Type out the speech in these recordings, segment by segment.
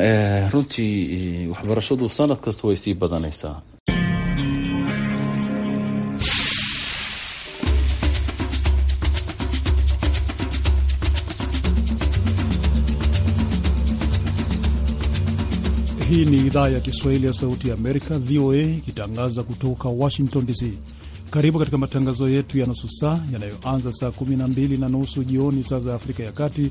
E, Runtii waxbarashadu sanad kasta way sii badanaysaa. Hii ni idhaa ya Kiswahili ya Sauti ya Amerika, VOA, ikitangaza kutoka Washington DC. Karibu katika matangazo yetu ya nusu saa yanayoanza saa 12 na nusu jioni saa za Afrika ya Kati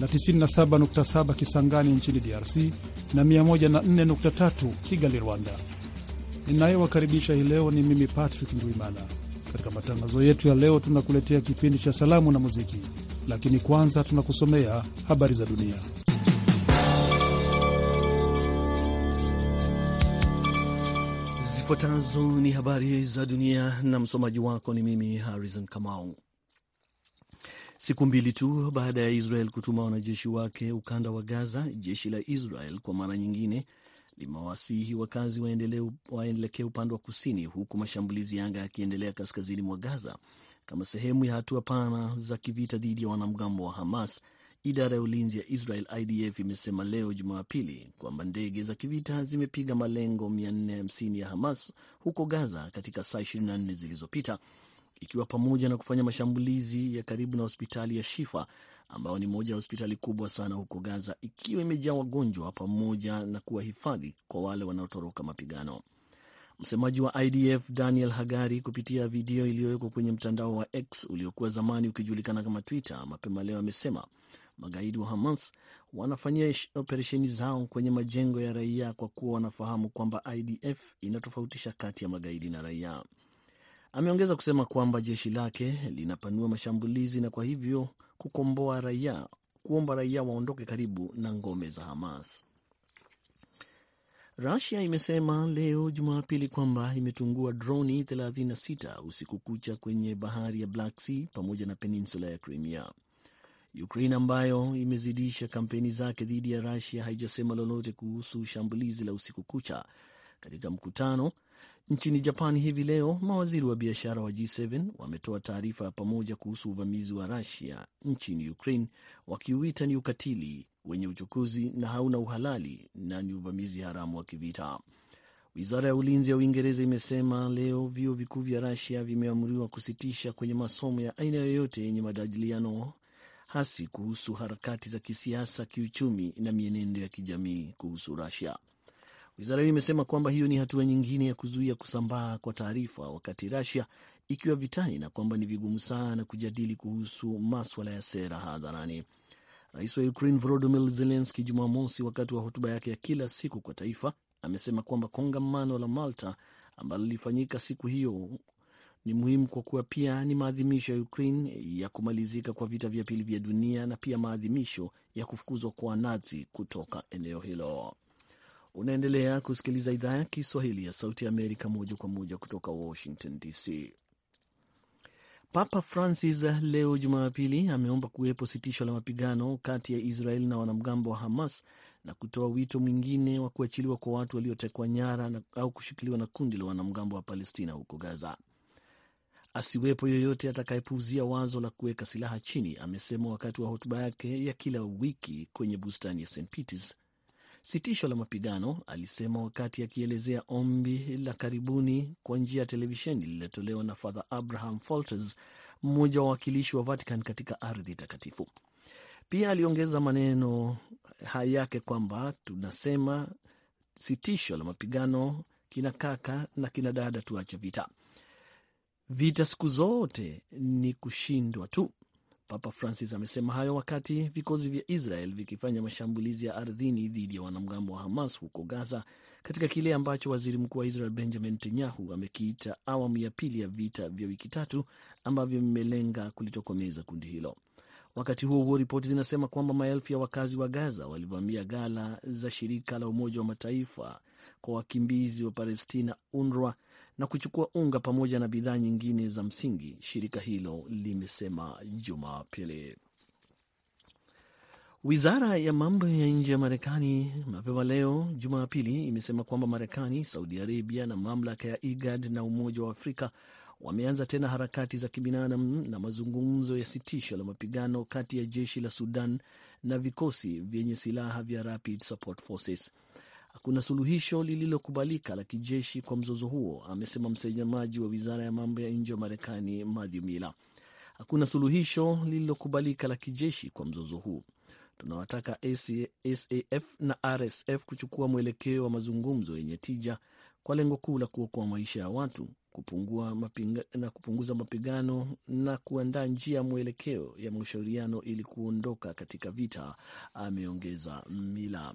na 97.7 Kisangani nchini DRC na 104.3 Kigali, Rwanda. Ninayowakaribisha hii leo ni mimi Patrick Ndwimana. Katika matangazo yetu ya leo, tunakuletea kipindi cha salamu na muziki, lakini kwanza tunakusomea habari za dunia. Zifuatazo ni habari za dunia, na msomaji wako ni mimi Harrison Kamau. Siku mbili tu baada ya Israel kutuma wanajeshi wake ukanda wa Gaza, jeshi la Israel kwa mara nyingine limewasihi wakazi waelekee upande wa kusini, huku mashambulizi ya anga yakiendelea kaskazini mwa Gaza kama sehemu ya hatua pana za kivita dhidi ya wanamgambo wa Hamas. Idara ya ulinzi ya Israel IDF imesema leo Jumapili kwamba ndege za kivita zimepiga malengo 450 ya Hamas huko Gaza katika saa 24 zilizopita, ikiwa pamoja na kufanya mashambulizi ya karibu na hospitali ya Shifa ambayo ni moja ya hospitali kubwa sana huko Gaza, ikiwa imejaa wagonjwa pamoja na kuwa hifadhi kwa wale wanaotoroka mapigano. Msemaji wa IDF Daniel Hagari kupitia video iliyowekwa kwenye mtandao wa X uliokuwa zamani ukijulikana kama Twitter mapema leo amesema magaidi wa Hamas wanafanyia operesheni zao kwenye majengo ya raia kwa kuwa wanafahamu kwamba IDF inatofautisha kati ya magaidi na raia. Ameongeza kusema kwamba jeshi lake linapanua mashambulizi na kwa hivyo kukomboa raia, kuomba raia waondoke karibu na ngome za Hamas. Rusia imesema leo Jumapili kwamba imetungua droni 36 usiku kucha kwenye bahari ya Black Sea pamoja na peninsula ya Crimea. Ukraine ambayo imezidisha kampeni zake dhidi ya Rusia haijasema lolote kuhusu shambulizi la usiku kucha katika mkutano Nchini Japan hivi leo mawaziri wa biashara wa G7 wametoa taarifa ya pamoja kuhusu uvamizi wa Rusia nchini Ukraine, wakiuita ni ukatili wenye uchukuzi na hauna uhalali na ni uvamizi haramu wa kivita. Wizara ya ulinzi ya Uingereza imesema leo vyuo vikuu vya Rusia vimeamriwa kusitisha kwenye masomo ya aina yoyote yenye majadiliano hasi kuhusu harakati za kisiasa, kiuchumi na mienendo ya kijamii kuhusu Rusia. Wizara hiyo imesema kwamba hiyo ni hatua nyingine ya kuzuia kusambaa kwa taarifa wakati Russia ikiwa vitani na kwamba ni vigumu sana kujadili kuhusu maswala ya sera hadharani. Rais wa Ukraine Volodymyr Zelensky Jumamosi, wakati wa hotuba yake ya kila siku kwa taifa, amesema kwamba kongamano la Malta ambalo lilifanyika siku hiyo ni muhimu kwa kuwa pia ni maadhimisho ya Ukraine ya kumalizika kwa vita vya pili vya dunia na pia maadhimisho ya kufukuzwa kwa Wanazi kutoka eneo hilo. Unaendelea kusikiliza idhaa ya Kiswahili ya Sauti ya Amerika moja kwa moja kutoka Washington DC. Papa Francis leo Jumapili ameomba kuwepo sitisho la mapigano kati ya israel na wanamgambo wa Hamas na kutoa wito mwingine wa kuachiliwa kwa watu waliotekwa nyara na, au kushikiliwa na kundi la wanamgambo wa Palestina huko Gaza. Asiwepo yoyote atakayepuuzia wazo la kuweka silaha chini, amesema wakati wa hotuba yake ya kila wiki kwenye bustani ya St Peters sitisho la mapigano, alisema wakati akielezea ombi la karibuni kwa njia ya televisheni lililotolewa na Father Abraham Folters, mmoja wa wawakilishi wa Vatican katika ardhi takatifu. Pia aliongeza maneno haya yake kwamba tunasema sitisho la mapigano, kina kaka na kina dada, tuache vita. Vita siku zote ni kushindwa tu. Papa Francis amesema hayo wakati vikosi vya Israel vikifanya mashambulizi ya ardhini dhidi ya wanamgambo wa Hamas huko Gaza, katika kile ambacho waziri mkuu wa Israel Benjamin Netanyahu amekiita awamu ya pili ya vita vya wiki tatu ambavyo vimelenga kulitokomeza kundi hilo. Wakati huo huo, ripoti zinasema kwamba maelfu ya wakazi wa Gaza walivamia ghala za shirika la Umoja wa Mataifa kwa wakimbizi wa Palestina, UNRWA, na kuchukua unga pamoja na bidhaa nyingine za msingi, shirika hilo limesema Jumapili. Wizara ya mambo ya nje ya Marekani mapema leo Jumapili imesema kwamba Marekani, Saudi Arabia na mamlaka ya IGAD na Umoja wa Afrika wameanza tena harakati za kibinadamu na mazungumzo ya sitisho la mapigano kati ya jeshi la Sudan na vikosi vyenye silaha vya Rapid Support Forces. Hakuna suluhisho lililokubalika la kijeshi kwa mzozo huo, amesema msemaji wa wizara ya mambo ya nje wa Marekani Matthew Miller. Hakuna suluhisho lililokubalika la kijeshi kwa mzozo huu. Tunawataka SAF na RSF kuchukua mwelekeo wa mazungumzo yenye tija kwa lengo kuu la kuokoa maisha ya watu, kupungua mapinga, na kupunguza mapigano na kuandaa njia mwelekeo ya mashauriano ili kuondoka katika vita, ameongeza Mila.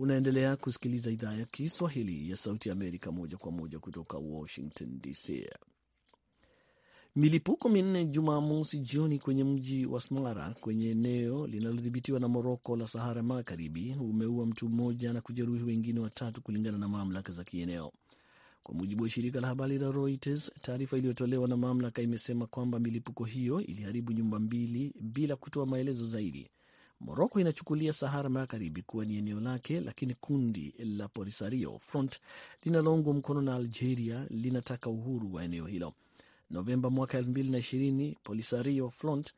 Unaendelea kusikiliza idhaa ya Kiswahili ya Sauti ya Amerika moja kwa moja kutoka Washington DC. Milipuko minne Jumamosi jioni kwenye mji wa Smara kwenye eneo linalodhibitiwa na Moroko la Sahara Magharibi umeua mtu mmoja na kujeruhi wengine watatu, kulingana na mamlaka za kieneo. Kwa mujibu wa shirika la habari la Reuters, taarifa iliyotolewa na mamlaka imesema kwamba milipuko hiyo iliharibu nyumba mbili bila kutoa maelezo zaidi. Moroko inachukulia Sahara Magharibi kuwa ni eneo lake, lakini kundi la Polisario Front linaloungwa mkono na Algeria linataka uhuru wa eneo hilo. Novemba mwaka 2020 Polisario Front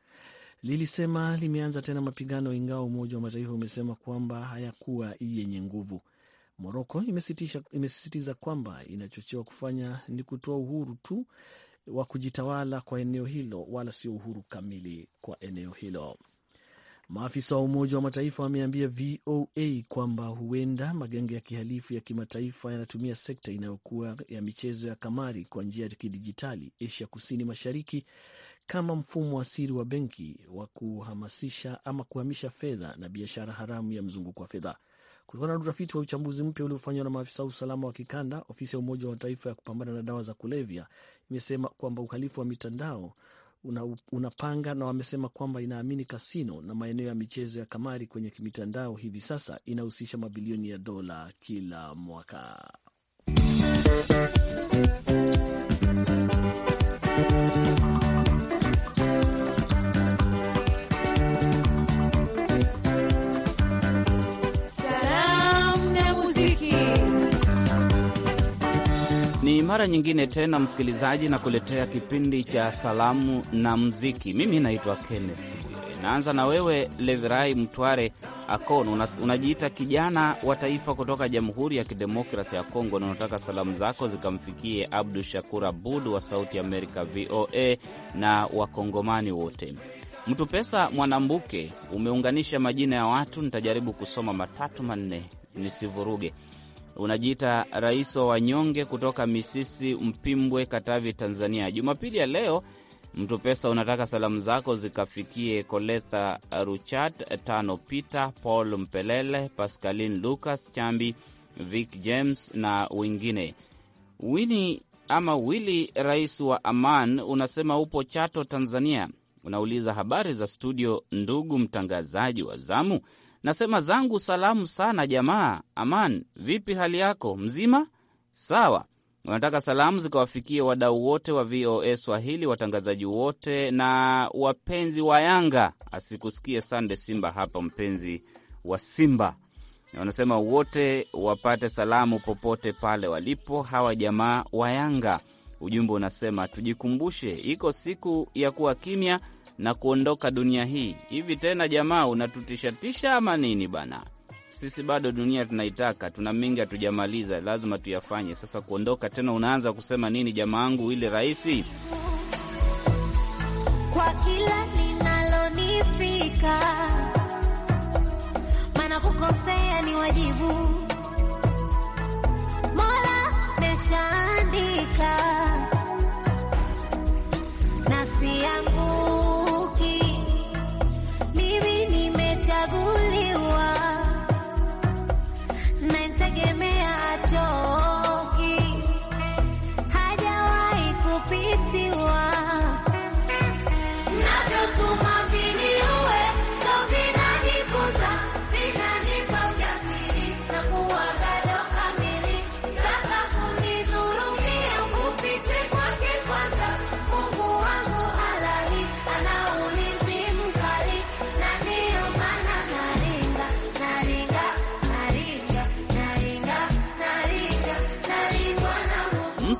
lilisema limeanza tena mapigano, ingawa Umoja wa Mataifa umesema kwamba hayakuwa yenye nguvu. Moroko imesisitiza kwamba inachochewa kufanya ni kutoa uhuru tu wa kujitawala kwa eneo hilo, wala sio uhuru kamili kwa eneo hilo. Maafisa wa Umoja wa Mataifa wameambia VOA kwamba huenda magenge ya kihalifu ya kimataifa yanatumia sekta inayokuwa ya michezo ya kamari kwa njia ya kidijitali Asia Kusini Mashariki kama mfumo wa siri wa benki wa kuhamasisha ama kuhamisha fedha na biashara haramu ya mzunguko wa fedha. Kutokana na utafiti wa uchambuzi mpya uliofanywa na maafisa wa usalama wa kikanda, ofisi ya Umoja wa Mataifa ya kupambana na dawa za kulevya imesema kwamba uhalifu wa mitandao una, unapanga na wamesema kwamba inaamini kasino na maeneo ya michezo ya kamari kwenye mitandao hivi sasa inahusisha mabilioni ya dola kila mwaka. mara nyingine tena msikilizaji, na kuletea kipindi cha salamu na mziki. Mimi naitwa kennes Bwire. Naanza na wewe Levirai Mtware Akon, unajiita kijana wa taifa kutoka Jamhuri ya Kidemokrasi ya Kongo, na unataka salamu zako zikamfikie Abdu Shakur Abud wa Sauti Amerika VOA na Wakongomani wote. Mtu Pesa Mwanambuke, umeunganisha majina ya watu, nitajaribu kusoma matatu manne nisivuruge unajiita rais wa wanyonge kutoka Misisi, Mpimbwe, Katavi, Tanzania. Jumapili ya leo mtu pesa unataka salamu zako zikafikie Koletha Ruchat Tano, Peter Paul Mpelele, Pascalin Lucas Chambi, Vic James na wengine. Wini ama Wili, rais wa Aman, unasema upo Chato, Tanzania. Unauliza habari za studio, ndugu mtangazaji wa zamu Nasema zangu salamu sana jamaa. Aman, vipi hali yako? Mzima? Sawa. Wanataka salamu zikawafikie wadau wote wa VOA Swahili, watangazaji wote na wapenzi wa Yanga. Asikusikie Sande Simba hapa, mpenzi wa Simba. Na wanasema wote wapate salamu popote pale walipo hawa jamaa wa Yanga. Ujumbe unasema tujikumbushe, iko siku ya kuwa kimya na kuondoka dunia hii. Hivi tena jamaa, unatutishatisha ama nini bana? Sisi bado dunia tunaitaka, tuna mengi hatujamaliza, lazima tuyafanye. Sasa kuondoka tena, unaanza kusema nini jamaa angu Ile rahisi kwa kila linalonifika, maana kukosea ni wajibu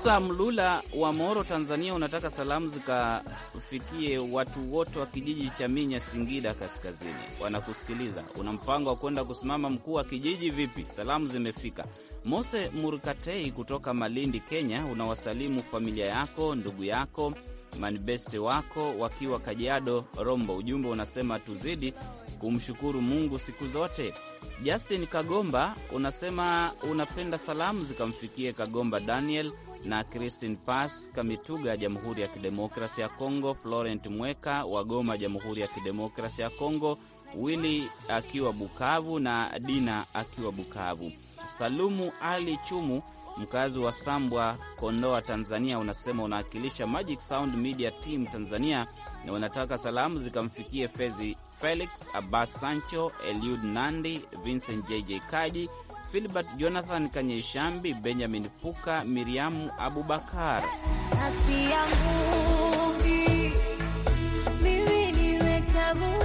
Musa Mlula wa Moro, Tanzania, unataka salamu zikafikie watu wote wa kijiji cha Minya, Singida Kaskazini. Wanakusikiliza. Una mpango wa kwenda kusimama mkuu wa kijiji vipi? Salamu zimefika. Mose murkatei kutoka Malindi, Kenya, unawasalimu familia yako, ndugu yako manibeste wako wakiwa Kajiado Rombo. Ujumbe unasema tuzidi kumshukuru Mungu siku zote. Justin Kagomba unasema unapenda salamu zikamfikie Kagomba Daniel na Christine Pass Kamituga, Jamhuri ya Kidemokrasi ya Kongo, Florent Mweka wa Goma, Jamhuri ya Kidemokrasi ya Kongo, Wili akiwa Bukavu na Dina akiwa Bukavu. Salumu Ali Chumu, mkazi wa Sambwa, Kondoa, Tanzania, unasema unawakilisha Magic Sound Media Team Tanzania na unataka salamu zikamfikie Fezi Felix Abbas Sancho, Eliud Nandi, Vincent JJ Kaji Filbert Jonathan Kanyeshambi, Benjamin Puka, Miriamu Abubakar. Nafsi yangu mimi nimechaguliwa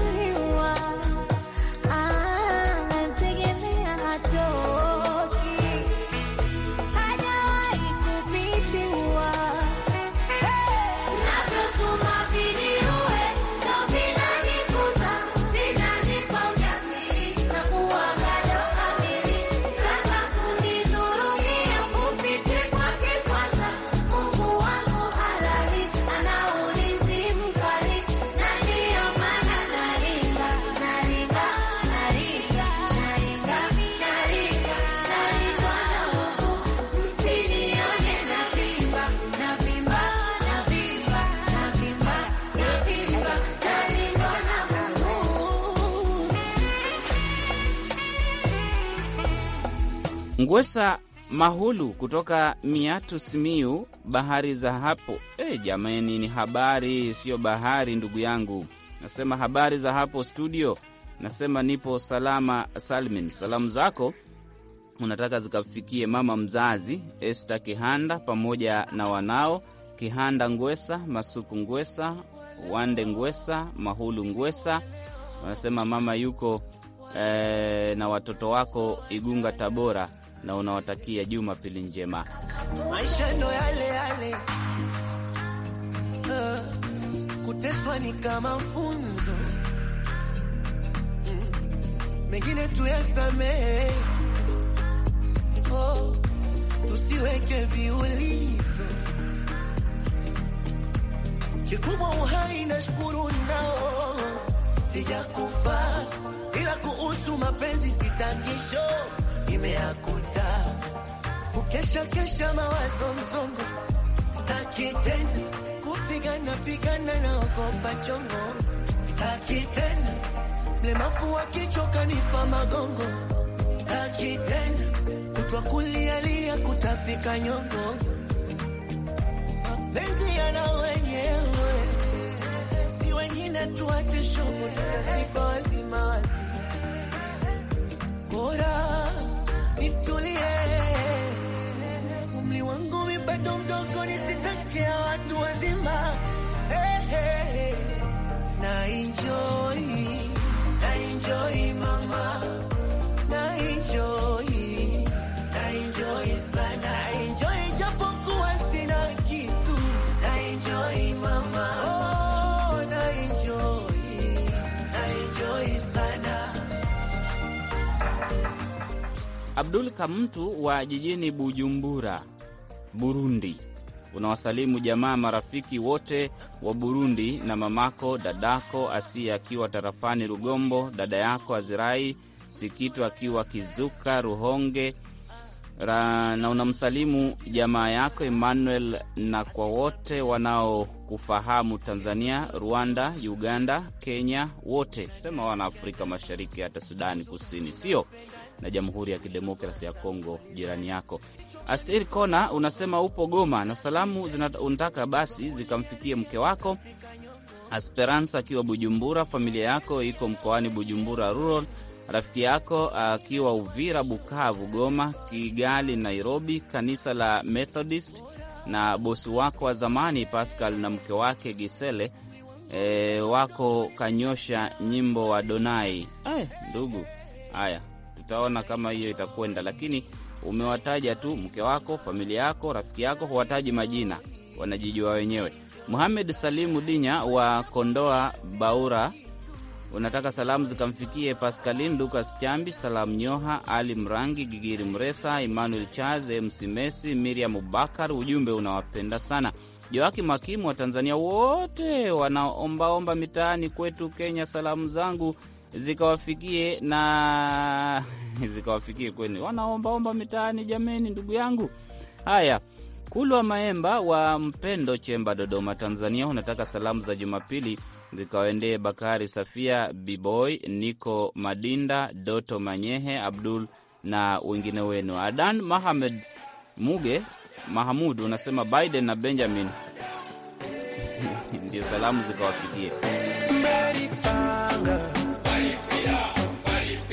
Ngwesa Mahulu kutoka Miatu Simiu, bahari za hapo. E, eh, jamani, ni habari siyo bahari, ndugu yangu. Nasema habari za hapo studio, nasema nipo salama salmin. Salamu zako unataka zikafikie mama mzazi Esta Kihanda pamoja na wanao Kihanda Ngwesa, Masuku Ngwesa, Wande Ngwesa, Mahulu Ngwesa. Wanasema mama yuko e, na watoto wako Igunga, Tabora na unawatakia Jumapili njema. Maisha ndo yale yale, uh, kuteswa ni kama funzo, mm, mengine tuyasamehe, oh, tusiweke viulizo. Kikubwa uhai na shukuru nao, sijakufa ila kuhusu mapenzi sitakisho imeakuja kesha kesha, mawazo mzongo staki tena kupigana pigana na wakomba chongo, staki tena mlemafu wa kichwa magongo, staki tena kutwa kulialia kutafika nyongo, mapenzi yana wenyewe, si wengine tuwate shughuli za siku wazima wazima bora Abdul Kamtu wa jijini Bujumbura, Burundi, unawasalimu jamaa, marafiki wote wa Burundi na mamako, dadako Asia akiwa tarafani Rugombo, dada yako Azirai Sikitu akiwa Kizuka Ruhonge ra, na unamsalimu jamaa yako Emmanuel na kwa wote wanaokufahamu Tanzania, Rwanda, Uganda, Kenya, wote sema wana Afrika Mashariki, hata Sudani Kusini, sio na Jamhuri ya Kidemokrasi ya Kongo jirani yako. astir Kona unasema upo Goma na salamu zinataka basi zikamfikie mke wako Asperansa akiwa Bujumbura, familia yako iko mkoani Bujumbura Rural, rafiki yako akiwa Uvira, Bukavu, Goma, Kigali, Nairobi, kanisa la Methodist na bosi wako wa zamani Pascal na mke wake Gisele e, wako kanyosha nyimbo wa Donai. Ay, eh, ndugu haya tutaona kama hiyo itakwenda, lakini umewataja tu mke wako, familia yako, rafiki yako, huwataji majina, wanajijua wenyewe. Muhamed Salimu Dinya wa Kondoa Baura, unataka salamu zikamfikie Paskalin Lukas Chambi, Salamu Nyoha, Ali Mrangi, Gigiri Mresa, Emmanuel Chaze, Msimesi, Miriam Bakar. Ujumbe unawapenda sana Joaki Makimu wa Tanzania, wote wanaombaomba mitaani kwetu Kenya. Salamu zangu zikawafikie na zikawafikie kwenu wanaombaomba mitaani. Jameni, ndugu yangu, haya Kulwa Maemba wa Mpendo Chemba, Dodoma, Tanzania, unataka salamu za Jumapili zikawaendee Bakari Safia, Biboy Niko Madinda, Doto Manyehe, Abdul na wengine wenu. Adan Mahamed Muge Mahamud unasema Biden na Benjamin ndio salamu zikawafikie.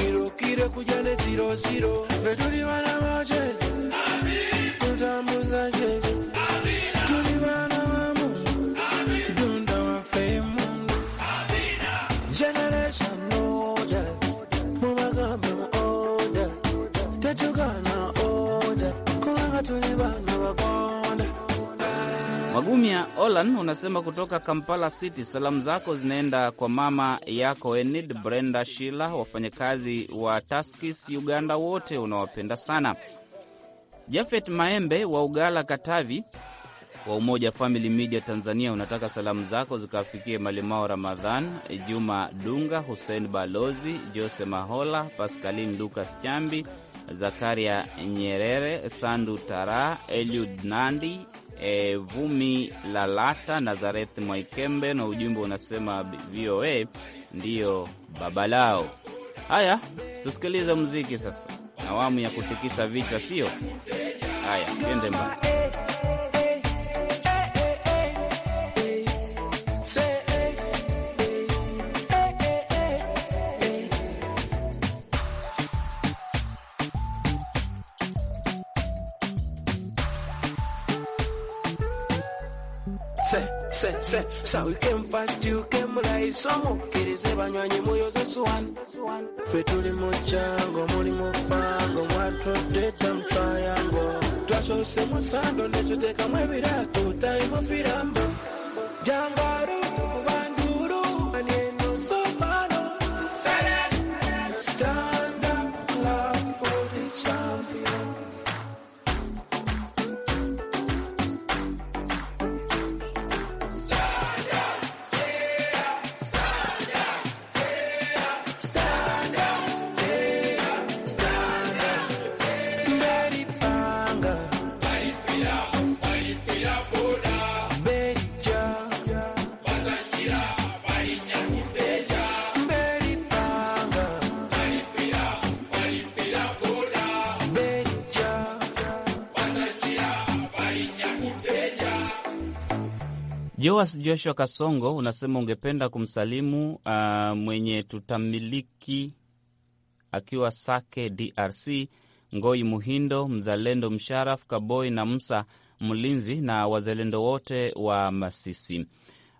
kiro kire kujane ziro ziro veturi vana vaje kutambuza jesu Bumia Olan unasema kutoka Kampala City, salamu zako zinaenda kwa mama yako Enid Brenda Shila, wafanyakazi wa Taskis Uganda wote unawapenda sana. Jafet Maembe wa Ugala Katavi wa Umoja Family Media Tanzania unataka salamu zako zikawafikie Malimao Ramadhan, Juma Dunga, Hussein Balozi, Jose Mahola, paskalin lukas Chambi, Zakaria Nyerere, Sandu Tara, Eliud Nandi, e, Vumi Lalata, Nazareth Mwaikembe na ujumbe unasema VOA ndiyo baba lao. Haya, tusikilize muziki sasa, awamu ya kutikisa vichwa, sio haya, siende mbali. se se se sawe kenfastiu kemulayiso mukkirize banywanyi muyoze suwani ffe tuli mu kyango muli mu fango mwatudde temutwayango twasose musando nekyoteekamu ebiratu tayimufirambo jangaro Joas Joshua Kasongo, unasema ungependa kumsalimu uh, mwenye tutamiliki akiwa Sake, DRC, Ngoi Muhindo, Mzalendo Msharaf Kaboi na Msa Mlinzi na wazalendo wote wa Masisi,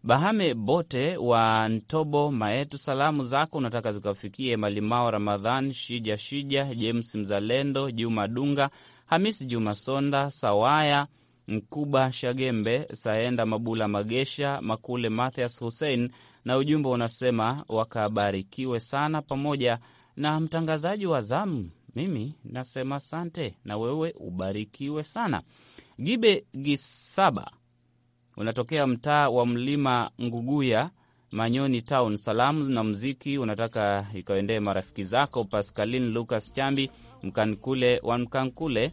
Bahame Bote wa Ntobo Maetu. Salamu zako unataka zikafikie Malimao Ramadhan, Shija Shija, James Mzalendo, Juma Dunga, Hamisi Juma Sonda, Sawaya Mkuba Shagembe, Saenda Mabula Magesha, Makule Mathias Hussein, na ujumbe unasema wakabarikiwe sana, pamoja na mtangazaji wa zamu. Mimi nasema sante na wewe ubarikiwe sana. Gibe Gisaba unatokea mtaa wa Mlima Nguguya, Manyoni Town. Salamu na mziki unataka ikaendee marafiki zako paskalin Lucas Chambi, Mkankule wa Mkankule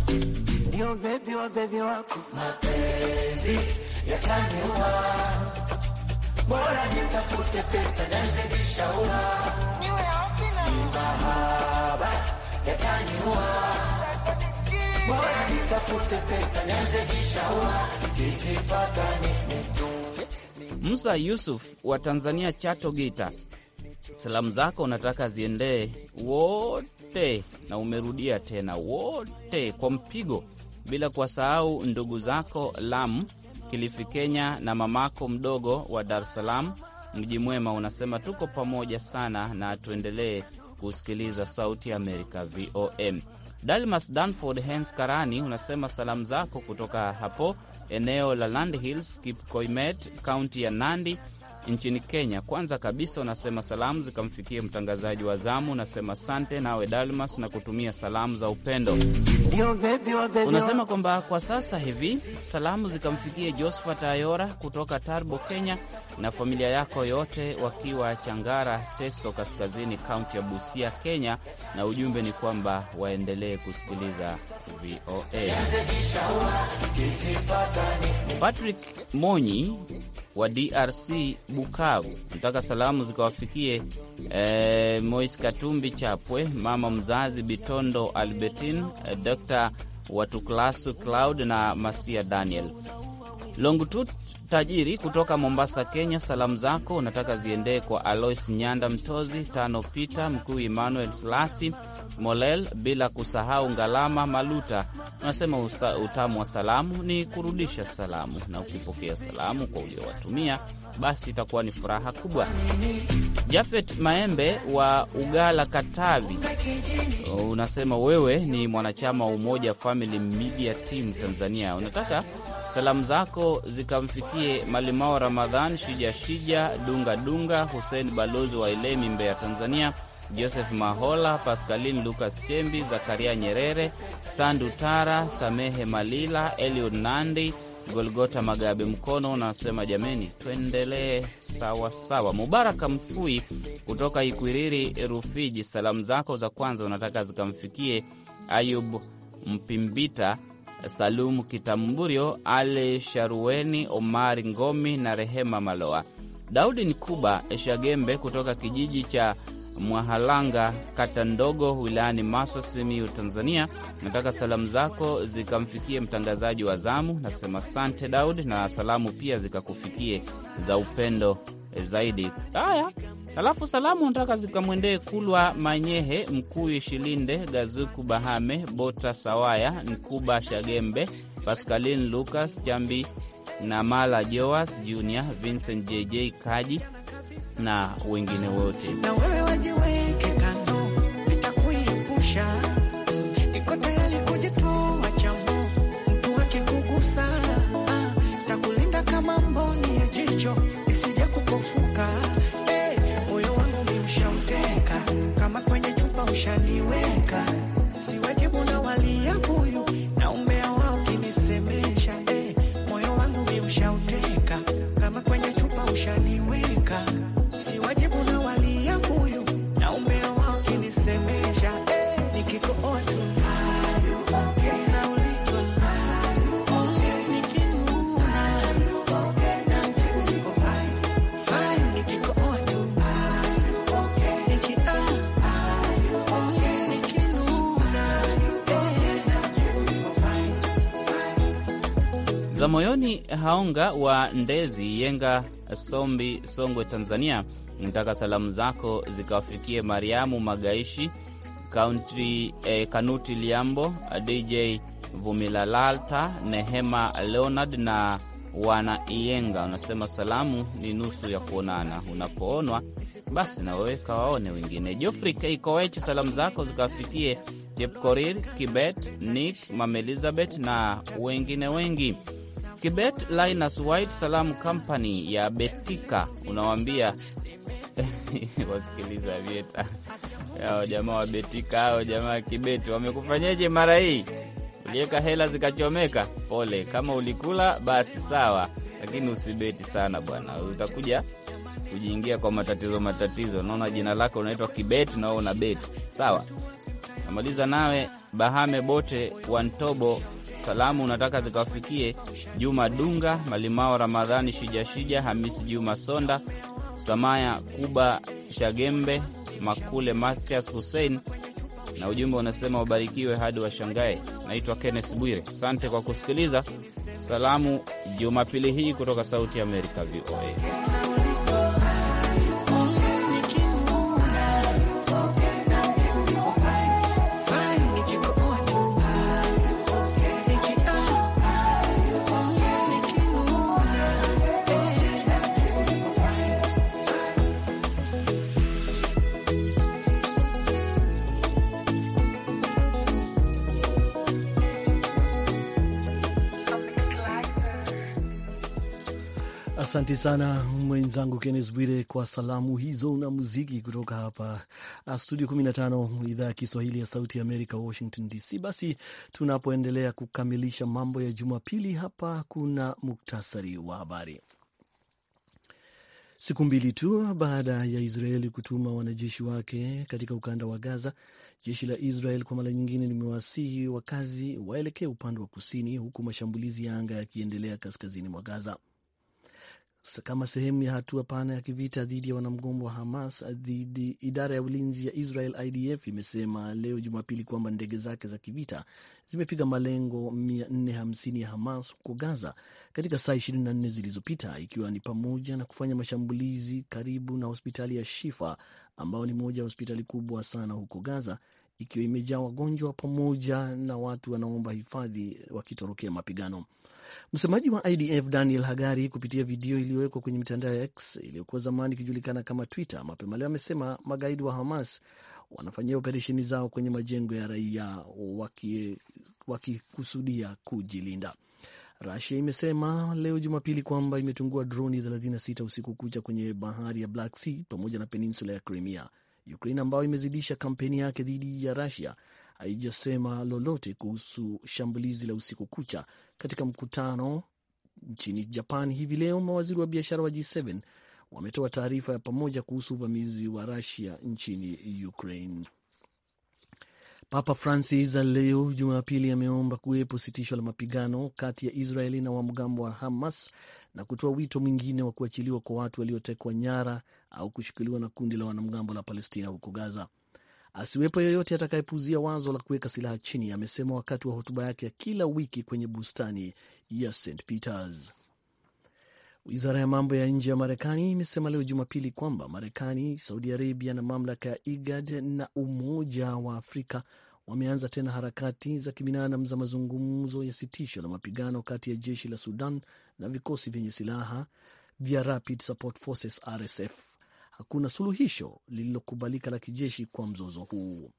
bebi wa bebi wako, mapenzi yataniua, bora nitafute pesa mahaba yataniua, bora nitafute pesa Musa Yusuf wa Tanzania, Chato, Geita. Salamu zako unataka ziendee wote na umerudia tena wote kwa mpigo bila kuwasahau ndugu zako Lamu, Kilifi, Kenya, na mamako mdogo wa Dar es Salaam. Mji Mwema unasema tuko pamoja sana na tuendelee kusikiliza Sauti ya Amerika, VOM. Dalmas Danford Hens Karani unasema salamu zako kutoka hapo eneo la Land Hills, Kipkoimet, kaunti ya Nandi nchini Kenya. Kwanza kabisa, unasema salamu zikamfikie mtangazaji wa zamu, unasema sante nawe Dalmas na kutumia salamu za upendo. Unasema kwamba kwa sasa hivi salamu zikamfikie josfa Ayora kutoka Tarbo, Kenya, na familia yako yote wakiwa Changara Teso, kaskazini kaunti ya Busia, Kenya, na ujumbe ni kwamba waendelee kusikiliza VOA. Patrick Monyi wa DRC Bukavu. Nataka salamu zikawafikie eh, Mois Katumbi Chapwe, mama mzazi Bitondo albertin eh, Dr. Watuklasu Cloud na Masia Daniel Longtut tajiri kutoka Mombasa, Kenya. Salamu zako unataka ziendee kwa Alois Nyanda Mtozi, Tano Peter Mkuu, Emmanuel Slasi Molel, bila kusahau Ngalama Maluta unasema utamu wa salamu ni kurudisha salamu, na ukipokea salamu kwa uliowatumia basi itakuwa ni furaha kubwa. Jafet Maembe wa Ugala, Katavi, unasema wewe ni mwanachama wa Umoja Family Media Team Tanzania, unataka salamu zako zikamfikie Malimao Ramadhan, Shija Shija, Dunga Dunga, Hussein balozi wa Elemi, Mbeya, Tanzania, Joseph Mahola, Pascaline Lucas Kembi, Zakaria Nyerere, Sandu Tara, Samehe Malila, Eliud Nandi, Golgota Magabe Mkono unasema jameni, tuendelee sawasawa. Mubaraka Mfui kutoka Ikwiriri, Rufiji, salamu zako za kwanza unataka zikamfikie Ayub Mpimbita, salumu Kitamburio, Ale Sharueni, Omari Ngomi na Rehema Maloa. Daudi Nkuba Shagembe kutoka kijiji cha Mwahalanga, kata ndogo, wilayani Maswa, Simiyu, Tanzania. Nataka salamu zako zikamfikie mtangazaji wa zamu, nasema sante Daud, na salamu pia zikakufikie za upendo eh, zaidi. Haya, alafu salamu nataka zikamwendee Kulwa Manyehe, Mkuu Shilinde, Gazuku Bahame, Bota Sawaya, Nkuba Shagembe, paskalin Lucas Chambi, Namala Joas Junior, Vincent JJ Kaji na wengine wote, na wewe wajiweke kando, itakuiepusha za moyoni. Haonga wa Ndezi, Yenga, Sombi, Songwe, Tanzania, nataka salamu zako zikawafikie Mariamu Magaishi, Kaunti, eh, Kanuti Liambo, DJ Vumilalalta, Nehema Leonard na wana Iyenga. Unasema salamu ni nusu ya kuonana, unapoonwa basi na wewe kawaone wengine. Jofri Kikoechi, salamu zako zikawafikie Jepkorir Kibet, Nick mamelizabeth na wengine wengi. Kibet Linus White Salamu Company ya Betika unawambia wasikiliza vieta ao jamaa wa Betika ao jamaa Kibeti wamekufanyeje mara hii? Uliweka hela zikachomeka, pole. Kama ulikula basi sawa, lakini usibeti sana bwana, utakuja kujiingia kwa matatizo matatizo. Naona jina lako unaitwa Kibeti na wewe una beti sawa. Namaliza nawe Bahame Bote Wantobo Salamu unataka zikawafikie Juma Dunga, Malimao Ramadhani, Shijashija Hamisi, Juma Sonda, Samaya Kuba, Shagembe Makule, Mathias Hussein, na ujumbe unasema wabarikiwe hadi washangae. Naitwa Kennes Bwire, asante kwa kusikiliza salamu Jumapili hii kutoka Sauti ya Amerika, VOA. Asante sana mwenzangu Kennes Bwire kwa salamu hizo na muziki kutoka hapa uh, studio 15 idhaa ya Kiswahili ya Sauti ya Amerika, Washington DC. Basi tunapoendelea kukamilisha mambo ya Jumapili hapa, kuna muktasari wa habari. Siku mbili tu baada ya Israeli kutuma wanajeshi wake katika ukanda wa Gaza, jeshi la Israel kwa mara nyingine limewasihi wakazi waelekee upande wa kusini, huku mashambulizi ya anga yakiendelea kaskazini mwa Gaza kama sehemu ya hatua pana ya kivita dhidi ya wanamgambo wa Hamas dhidi. Idara ya ulinzi ya Israel IDF imesema leo Jumapili kwamba ndege zake za kivita zimepiga malengo 450 ya Hamas huko Gaza katika saa 24 zilizopita, ikiwa ni pamoja na kufanya mashambulizi karibu na hospitali ya Shifa ambayo ni moja ya hospitali kubwa sana huko Gaza, ikiwa imejaa wagonjwa pamoja na watu wanaomba hifadhi wakitorokea mapigano. Msemaji wa IDF Daniel Hagari kupitia video iliyowekwa kwenye mitandao ya X iliyokuwa zamani ikijulikana kama Twitter mapema leo amesema magaidi wa Hamas wanafanyia operesheni zao kwenye majengo ya raia wakikusudia waki kujilinda. Rusia imesema leo Jumapili kwamba imetungua droni 36 usiku kucha kwenye bahari ya Black Sea pamoja na peninsula ya Crimea. Ukraine ambayo imezidisha kampeni yake dhidi ya Rusia haijasema lolote kuhusu shambulizi la usiku kucha katika mkutano nchini Japan hivi leo, mawaziri wa biashara wa G7 wametoa taarifa ya pamoja kuhusu uvamizi wa Rusia nchini Ukraine. Papa Francis leo Jumapili ameomba kuwepo sitisho la mapigano kati ya Israeli na wamgambo wa Hamas na kutoa wito mwingine wa kuachiliwa kwa watu waliotekwa nyara au kushikiliwa na kundi la wanamgambo la Palestina huko Gaza asiwepo yeyote atakayepuzia wazo la kuweka silaha chini, amesema wakati wa hotuba yake ya kila wiki kwenye bustani ya St Peters. Wizara ya mambo ya nje ya Marekani imesema leo Jumapili kwamba Marekani, Saudi Arabia na mamlaka ya IGAD na Umoja wa Afrika wameanza tena harakati za kibinadamu za mazungumzo ya sitisho la mapigano kati ya jeshi la Sudan na vikosi vyenye silaha vya Rapid Support Forces RSF hakuna suluhisho lililokubalika la kijeshi kwa mzozo huu.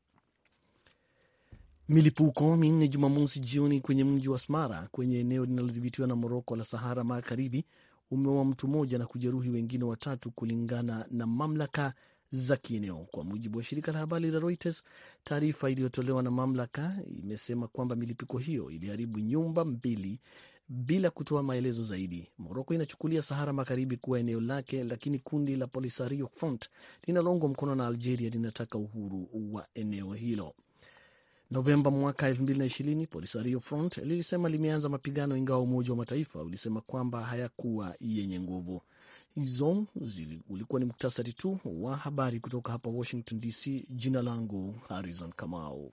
Milipuko minne Jumamosi jioni kwenye mji wa Smara kwenye eneo linalodhibitiwa na Moroko la Sahara Magharibi umeua mtu mmoja na kujeruhi wengine watatu, kulingana na mamlaka za kieneo. Kwa mujibu wa shirika la habari la Reuters, taarifa iliyotolewa na mamlaka imesema kwamba milipuko hiyo iliharibu nyumba mbili bila kutoa maelezo zaidi. Moroko inachukulia Sahara Magharibi kuwa eneo lake, lakini kundi la Polisario Front linaloungwa mkono na Algeria linataka uhuru wa eneo hilo. Novemba mwaka 2020 Polisario Front lilisema limeanza mapigano, ingawa Umoja wa Mataifa ulisema kwamba hayakuwa yenye nguvu. Hizo ulikuwa ni muktasari tu wa habari kutoka hapa Washington DC. Jina langu Harrison Kamau.